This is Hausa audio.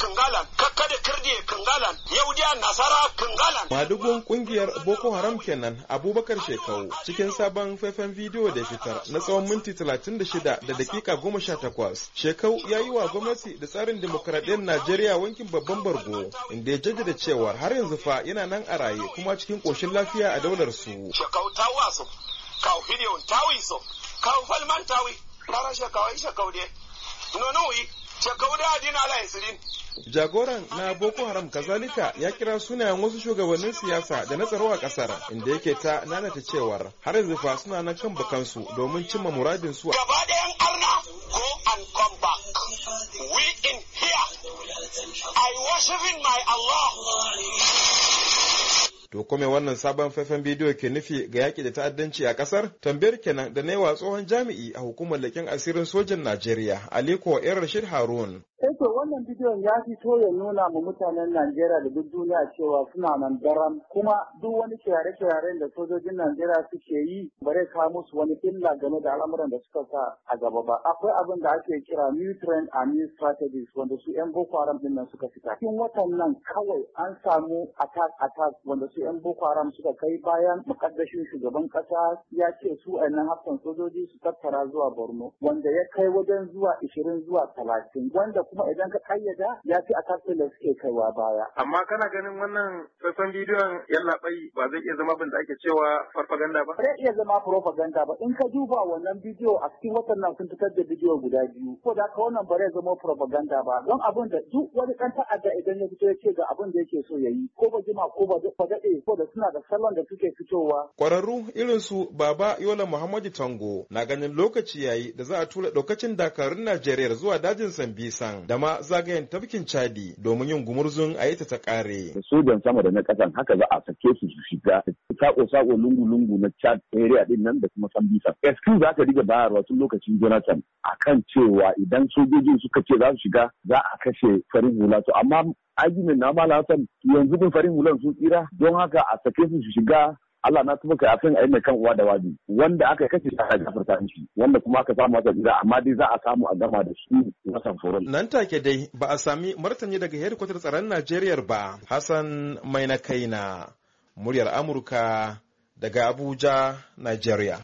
kangalan kakkade kirdi kangalan yahudiya nasara kangalan madugun kungiyar boko haram kenan abubakar shekau cikin sabon faifan bidiyo da fitar na tsawon minti 36 da dakika 18 shekau ya yi wa gwamnati da tsarin demokradiyyar najeriya wankin babban bargo inda ya jaddada cewar har yanzu fa yana nan a raye kuma cikin koshin lafiya a daular su shekau ta wasu kawo hidiyon so kawo falman tawi rara shekau isa nono yi shekau da adina ala isirin Jagoran na Boko Haram kazalika ya kira sunayen wasu shugabannin siyasa da na tsaro a kasar inda yake ta nanata cewar har yanzu fa suna nan kan bakansu domin cimma muradin su. Gaba ɗayan arna go and come back. We in here. I my Allah. To kome wannan sabon faifan bidiyo ke nufi ga yaƙi da ta'addanci a ƙasar? Tambayar kenan da na yi wa tsohon jami'i a hukumar leƙen asirin sojan Najeriya, Aliko Yar Rashid Harun, Eto eh wannan bidiyon ya fito ya nuna mu mutanen Najeriya da duk duniya cewa suna nan daram kuma duk wani kirare-kiraren da sojojin Najeriya suke yi bare ka musu wani illa game da al'amuran da suka sa a gaba ba. Akwai abin da ake kira new trend and new strategies wanda su 'yan Boko Haram din nan suka fita. Cikin watan nan kawai an samu attack attack wanda su 'yan Boko Haram suka kai bayan mukaddashin shugaban kasa ya ce su a nan hafsan sojoji su tattara zuwa Borno wanda ya kai wajen zuwa 20 zuwa 30 wanda kuma idan ka kayyada ya fi a kafin da suke kaiwa baya. Amma kana ganin wannan sassan bidiyon yallaɓai ba zai iya zama bin da ake cewa farfaganda ba? Zai iya zama farfaganda ba. In ka duba wannan bidiyo a cikin watan nan sun fitar da bidiyo guda biyu. Ko da ka wannan ba zai zama farfaganda ba. Don abin da duk wani ɗan ta'adda idan ya fito ya ce ga abin da yake so ya yi. Ko ba jima ko ba daɗe ko da suna da salon da suke fitowa. Kwararru irin su Baba Yola Muhammadu Tango na ganin lokaci yayi da za a tura ɗaukacin dakarun Najeriya zuwa dajin Sambisan. da ma zagayen tafkin chadi domin yin gumurzun a ta kare sojan sama da na kasan haka za a sake su su shiga sako-sako lungu-lungu na chad area din nan da kuma bisa eskin za ka riga bayarwa tun lokacin jonathan kan cewa idan sojojin suka ce za su shiga za a kashe farin hula to amma argument na mala yanzu kun farin hulan sun tsira don haka a sake su su shiga Allah na tuba a yi mai kan uwa da wabi wanda aka kashe shi aka gafarta shi wanda kuma aka samu wata gida amma dai za a samu a gama da shi na samfuran. Nan take dai ba a sami martani daga hedikwatar tsaron Najeriya ba. Hassan mai na kaina muryar Amurka daga Abuja, Najeriya.